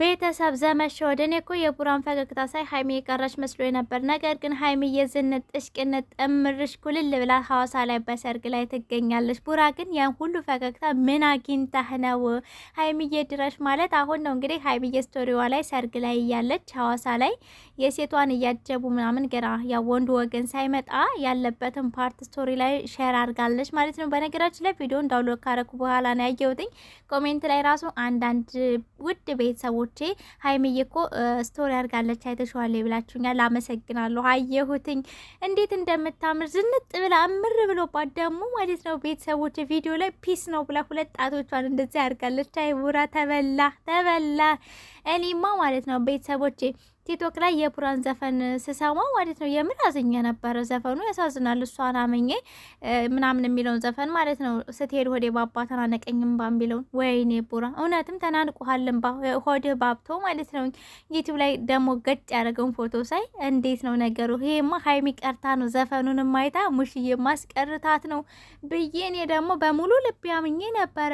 ቤተሰብ ዘመሸ ወደ እኔ እኮ የቡራን ፈገግታ ሳይ ሀይሚ የቀረች መስሎ ነበር። ነገር ግን ሀይሚ የዝንጥ ጥሽቅንት ጥምርሽ ኩልል ብላ ሀዋሳ ላይ በሰርግ ላይ ትገኛለች። ቡራ ግን ያን ሁሉ ፈገግታ ምን አግኝተህ ነው ሀይሚዬ ድረሽ ማለት አሁን ነው እንግዲህ ሀይሚዬ ስቶሪዋ ላይ ሰርግ ላይ እያለች ሀዋሳ ላይ የሴቷን እያጀቡ ምናምን ገና ያ ወንዱ ወገን ሳይመጣ ያለበትን ፓርት ስቶሪ ላይ ሼር አድርጋለች ማለት ነው። በነገራችን ላይ ቪዲዮ እንዳውሎ ካረኩ በኋላ ነው ያየሁትኝ። ኮሜንት ላይ ራሱ አንዳንድ ውድ ቤተሰቦች ቤተሰቦቼ ሀይሚዬ እኮ ስቶሪ አድርጋለች አይተሸዋል ብላችሁኛል። አመሰግናለሁ። አየሁትኝ እንዴት እንደምታምር ዝንጥ ብላ እምር ብሎባት ደግሞ ማለት ነው ቤተሰቦች ቪዲዮ ላይ ፒስ ነው ብላ ሁለት ጣቶቿን እንደዚህ አድርጋለች። አይ ቡራ ተበላ ተበላ። እኔማ ማለት ነው ቤተሰቦቼ ቲክቶክ ላይ የቡራን ዘፈን ስሰማ ማለት ነው የምን አዝኜ ነበረ። ዘፈኑ ያሳዝናል። እሷን አመኜ ምናምን የሚለውን ዘፈን ማለት ነው። ስትሄድ ሆዴ ባባ ተናነቀኝም ባ የሚለውን ወይኔ ቡራ እውነትም ተናንቆሃል ባ ሆድ ባብቶ ማለት ነው። ዩቲዩብ ላይ ደግሞ ገጭ ያደረገውን ፎቶ ሳይ እንዴት ነው ነገሩ? ይሄማ ሀይሚ ቀርታ ነው ዘፈኑን ማይታ ሙሽዬ ማስቀርታት ነው ብዬ እኔ ደግሞ በሙሉ ልብ ያምኜ ነበረ።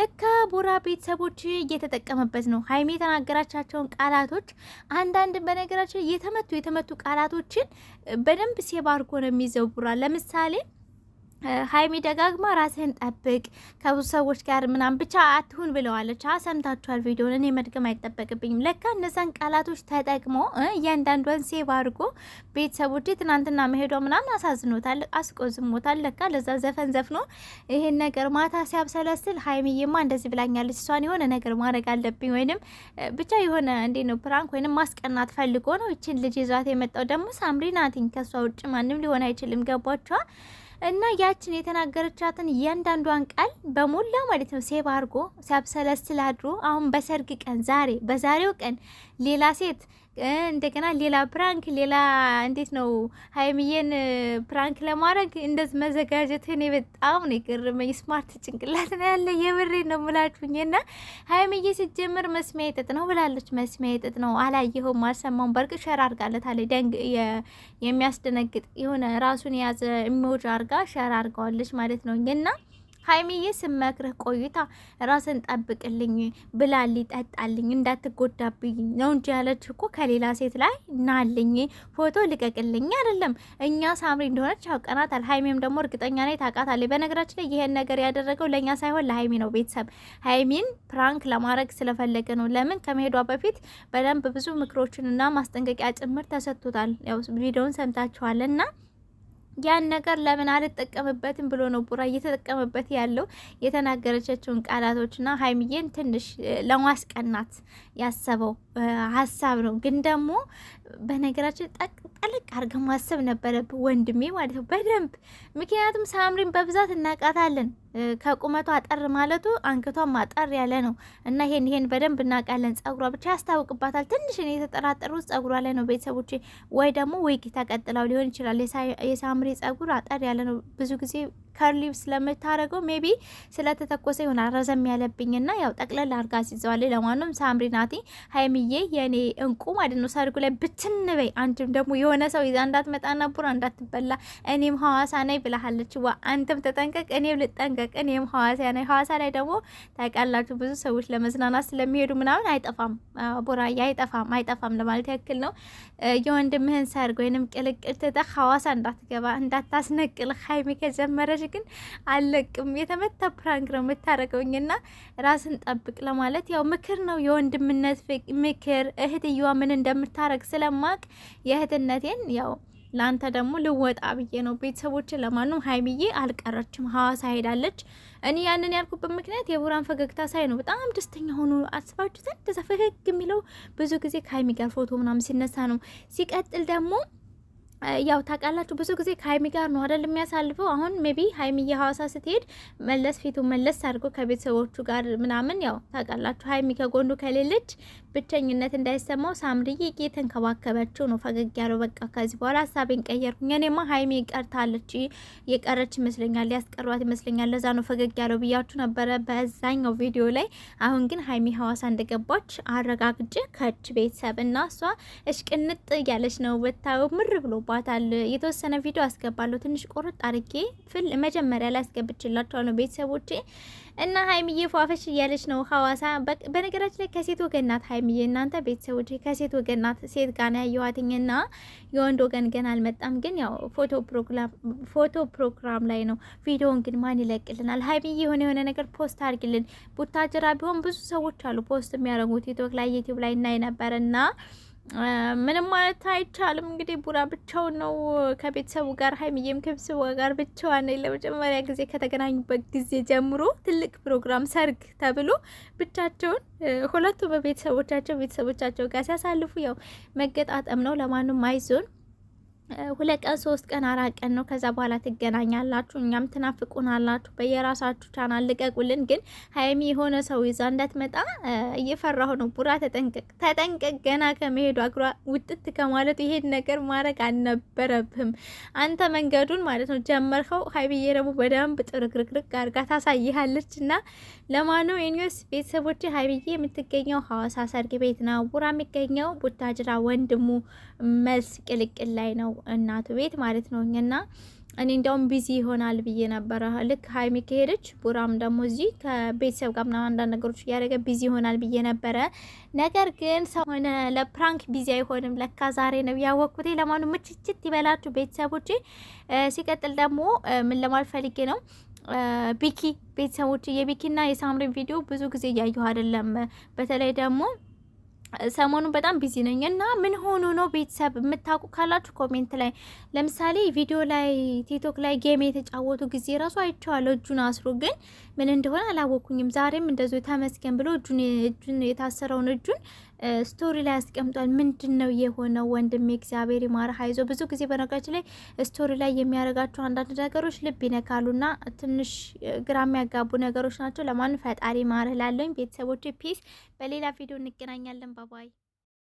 ልካ ቡራ ቤተሰቦች እየተጠቀመበት ነው። ሀይሚ የተናገራቻቸውን ቃላቶች አንዳንድ አንዳንድ በነገራችን የተመቱ የተመቱ ቃላቶችን በደንብ ሴብ ነው የሚዘውራል። ለምሳሌ ሀይሚ ደጋግማ ራስህን ጠብቅ ከብዙ ሰዎች ጋር ምናም ብቻ አትሁን ብለዋለች። ሰምታችኋል ቪዲዮን። እኔ መድገም አይጠበቅብኝም። ለካ እነዛን ቃላቶች ተጠቅሞ እያንዳንዷን ሴቭ አድርጎ ቤተሰቦች ትናንትና መሄዷ ምናምን አሳዝኖታል፣ አስቆዝሞታል። ለካ ለዛ ዘፈን ዘፍኖ ይሄን ነገር ማታ ሲያብሰለስል ሀይሚዬማ እንደዚህ ብላኛለች፣ እሷን የሆነ ነገር ማድረግ አለብኝ ወይንም ብቻ የሆነ እንዴ ነው ፕራንክ ወይንም ማስቀናት ፈልጎ ነው። ይችን ልጅ ይዛት የመጣው ደግሞ ሳምሪ ናትኝ። ከእሷ ውጭ ማንም ሊሆን አይችልም። ገባችኋል? እና ያችን የተናገረቻትን እያንዳንዷን ቃል በሞላ ማለት ነው ሴብ አድርጎ ሲያብሰለስል አድሮ አሁን በሰርግ ቀን ዛሬ በዛሬው ቀን ሌላ ሴት እንደገና ሌላ ፕራንክ ሌላ እንዴት ነው ሀይሚዬን ፕራንክ ለማድረግ እንደዚ መዘጋጀት እኔ በጣም ነው የገረመኝ። ስማርት ጭንቅላት ነው ያለ የብሬ ነው ምላችሁኝ። ና ሀይሚዬ ሲጀምር መስሚያ ይጥጥ ነው ብላለች። መስሚያ ይጥጥ ነው አላየኸውም፣ አልሰማሁም። በርቅ ሸር አርጋለት አለ ደንግ የሚያስደነግጥ የሆነ ራሱን የያዘ ኢሞጅ አርጋ ሸር አርገዋለች ማለት ነው እና ሀይሚዬ ስመክርህ ቆይታ ራስን ጠብቅልኝ ብላል ጠጣልኝ እንዳትጎዳብኝ ነው እንጂ ያለች እኮ ከሌላ ሴት ላይ ናልኝ ፎቶ ልቀቅልኝ አይደለም። እኛ ሳምሪ እንደሆነች አውቀናታል። ሀይሚም ደግሞ እርግጠኛ ነኝ ታውቃታለች። በነገራችን ላይ ይሄን ነገር ያደረገው ለእኛ ሳይሆን ለሀይሚ ነው። ቤተሰብ ሀይሚን ፕራንክ ለማድረግ ስለፈለገ ነው። ለምን ከመሄዷ በፊት በደንብ ብዙ ምክሮችንና ማስጠንቀቂያ ጭምር ተሰጥቶታል። ያው ቪዲዮውን ሰምታችኋል እና ያን ነገር ለምን አልጠቀምበትም ብሎ ነው ቡራ እየተጠቀመበት ያለው። የተናገረቻቸውን ቃላቶችና ሀይሚዬን ትንሽ ለማስቀናት ያሰበው ሀሳብ ነው። ግን ደግሞ በነገራችን ጠልቅ አድርገ ማሰብ ነበረብ ወንድሜ ማለት ነው በደንብ ምክንያቱም ሳምሪን በብዛት እናቃታለን። ከቁመቷ አጠር ማለቱ አንገቷም አጠር ያለ ነው እና ይሄን ይሄን በደንብ እናውቃለን። ጸጉሯ ብቻ ያስታውቅባታል። ትንሽ እኔ የተጠራጠሩት ጸጉሯ ላይ ነው ቤተሰቦቼ። ወይ ደግሞ ወይጌ ተቀጥላው ሊሆን ይችላል። የሳምሪ ጸጉር አጠር ያለ ነው ብዙ ጊዜ ከርሊ ስለምታደርገው ሜቢ ስለተተኮሰ ይሆናል ረዘም ያለብኝና ያው ጠቅለል አርጋ ሲዘዋል። ለማንም ሳምሪ ናቲ ሀይሚዬ የኔ እንቁ ማለት ነው። ሰርጉ ላይ ብትንበይ አንድም ደግሞ የሆነ ሰው ይዛ እንዳትመጣና ቡራ እንዳትበላ እኔም ሀዋሳ ነኝ ብላሃለች። ዋ አንተም ተጠንቀቅ፣ እኔም ልጠንቀቅ። ቀን ይህም ሐዋሳ ነው። ሐዋሳ ላይ ደግሞ ታውቃላችሁ ብዙ ሰዎች ለመዝናናት ስለሚሄዱ ምናምን አይጠፋም፣ ቡራዬ አይጠፋም አይጠፋም ለማለት ያክል ነው። የወንድምህን ሰርግ ወይንም ቅልቅል ትተህ ሀዋሳ እንዳትገባ እንዳታስነቅል። ሀይሚ ከጀመረች ግን አለቅም። የተመታ ፕራንክ ነው የምታረገውኝና ራስን ጠብቅ ለማለት ያው ምክር ነው የወንድምነት ምክር እህትየዋ ምን እንደምታረግ ስለማቅ የእህትነቴን ያው ለአንተ ደግሞ ልወጣ ብዬ ነው። ቤተሰቦችን ለማንም ሀይ ብዬ አልቀረችም፣ ሀዋሳ ሄዳለች። እኔ ያንን ያልኩበት ምክንያት የቡራን ፈገግታ ሳይ ነው። በጣም ደስተኛ ሆኖ አስባችሁ ዘንድ ፈገግ የሚለው ብዙ ጊዜ ከሀይሚ ጋር ፎቶ ምናምን ሲነሳ ነው። ሲቀጥል ደግሞ ያው ታውቃላችሁ ብዙ ጊዜ ከሀይሚ ጋር ነው አደል የሚያሳልፈው። አሁን ሜቢ ሀይሚ የሀዋሳ ስትሄድ መለስ ፊቱ መለስ አድርጎ ከቤተሰቦቹ ጋር ምናምን ያው ታውቃላችሁ ሀይሚ ከጎንዱ ከሌለች ብቸኝነት እንዳይሰማው ሳምርዬ እየተንከባከበችው ነው። ፈገግ ያለው በቃ ከዚህ በኋላ ሀሳቤን ቀየርኩኝ። እኔማ ሀይሚ ቀርታለች የቀረች ይመስለኛል ያስቀሯት ይመስለኛል። ለዛ ነው ፈገግ ያለው ብያችሁ ነበረ በዛኛው ቪዲዮ ላይ። አሁን ግን ሀይሚ ሀዋሳ እንደገባች አረጋግጬ ከች ቤተሰብ እና እሷ እሽቅንጥ እያለች ነው ብታየው ምር ብሎ አምሮባታል። የተወሰነ ቪዲዮ አስገባለሁ ትንሽ ቆርጥ አርጌ ፍል መጀመሪያ ላይ አስገብችላቸዋለሁ ቤተሰቦቼ እና ሀይሚዬ ፏፈሽ እያለች ነው ሀዋሳ። በነገራችን ላይ ከሴት ወገናት ሀይሚዬ እናንተ ቤተሰቦች ከሴት ወገናት ሴት ጋር ነው ያየኋትኝና የወንድ ወገን ገና አልመጣም፣ ግን ያው ፎቶ ፕሮግራም ላይ ነው። ቪዲዮውን ግን ማን ይለቅልናል? ሀይሚዬ የሆነ የሆነ ነገር ፖስት አድርግልን። ቡታጅራ ቢሆን ብዙ ሰዎች አሉ ፖስት የሚያደርጉት ቲክቶክ ላይ ዩቲዩብ ላይ እናይ ነበርና ምንም ማለት አይቻልም። እንግዲህ ቡራ ብቻው ነው ከቤተሰቡ ጋር፣ ሀይሚዬም ከቤተሰቡ ጋር ብቻዋን ለመጀመሪያ ጊዜ ከተገናኙበት ጊዜ ጀምሮ ትልቅ ፕሮግራም ሰርግ ተብሎ ብቻቸውን ሁለቱ በቤተሰቦቻቸው ቤተሰቦቻቸው ጋር ሲያሳልፉ ያው መገጣጠም ነው። ለማንም አይዞን ሁለት ቀን ሶስት ቀን አራት ቀን ነው። ከዛ በኋላ ትገናኛላችሁ። እኛም ትናፍቁናላችሁ። በየራሳችሁ ቻናል ልቀቁልን። ግን ሀይሚ የሆነ ሰው ይዛ እንዳትመጣ እየፈራሁ ነው። ቡራ ተጠንቀቅ፣ ተጠንቀቅ። ገና ከመሄዱ አግሯ ውጥት ከማለቱ ይሄን ነገር ማድረግ አልነበረብህም አንተ። መንገዱን ማለት ነው ጀመርከው። ሀይሚ እየረቡ በደንብ ጥርግርግርግ አድርጋ ታሳይሃለች። እና ለማኑ ኒስ ቤተሰቦች ሀይሚዬ የምትገኘው ሀዋሳ ሰርግ ቤት ነው። ቡራ የሚገኘው ቡታጅራ ወንድሙ መልስ ቅልቅል ላይ ነው። እናቱ ቤት ማለት ነው። እና እኔ እንዲያውም ቢዚ ይሆናል ብዬ ነበረ። ልክ ሀይሚ ከሄደች ቡራም ደግሞ እዚህ ከቤተሰብ ጋር ምናምን አንዳንድ ነገሮች እያደረገ ቢዚ ይሆናል ብዬ ነበረ። ነገር ግን ሰሆነ ለፕራንክ ቢዚ አይሆንም ለካ ዛሬ ነው ያወቅኩት። ለማኑ ምችችት ይበላችሁ ቤተሰቦች ሲቀጥል ደግሞ ምን ለማለት ፈልጌ ነው ቢኪ ቤተሰቦች የቢኪና የሳምሪን ቪዲዮ ብዙ ጊዜ እያየሁ አይደለም። በተለይ ደግሞ ሰሞኑን በጣም ቢዚ ነኝ እና ምን ሆኖ ነው ቤተሰብ የምታውቁ ካላችሁ ኮሜንት ላይ ለምሳሌ ቪዲዮ ላይ ቲክቶክ ላይ ጌም የተጫወቱ ጊዜ ራሱ አይቼዋለሁ። እጁን አስሮ ግን ምን እንደሆነ አላወኩኝም። ዛሬም እንደዚ ተመስገን ብሎ እጁን የታሰረውን እጁን ስቶሪ ላይ አስቀምጧል። ምንድን ነው የሆነው? ወንድሜ እግዚአብሔር ይማርህ፣ አይዞህ። ብዙ ጊዜ በነገራችን ላይ ስቶሪ ላይ የሚያደርጋቸው አንዳንድ ነገሮች ልብ ይነካሉና ትንሽ ግራ የሚያጋቡ ነገሮች ናቸው። ለማን ፈጣሪ ይማርህ ላለኝ ቤተሰቦች ፒስ። በሌላ ቪዲዮ እንገናኛለን። ባባይ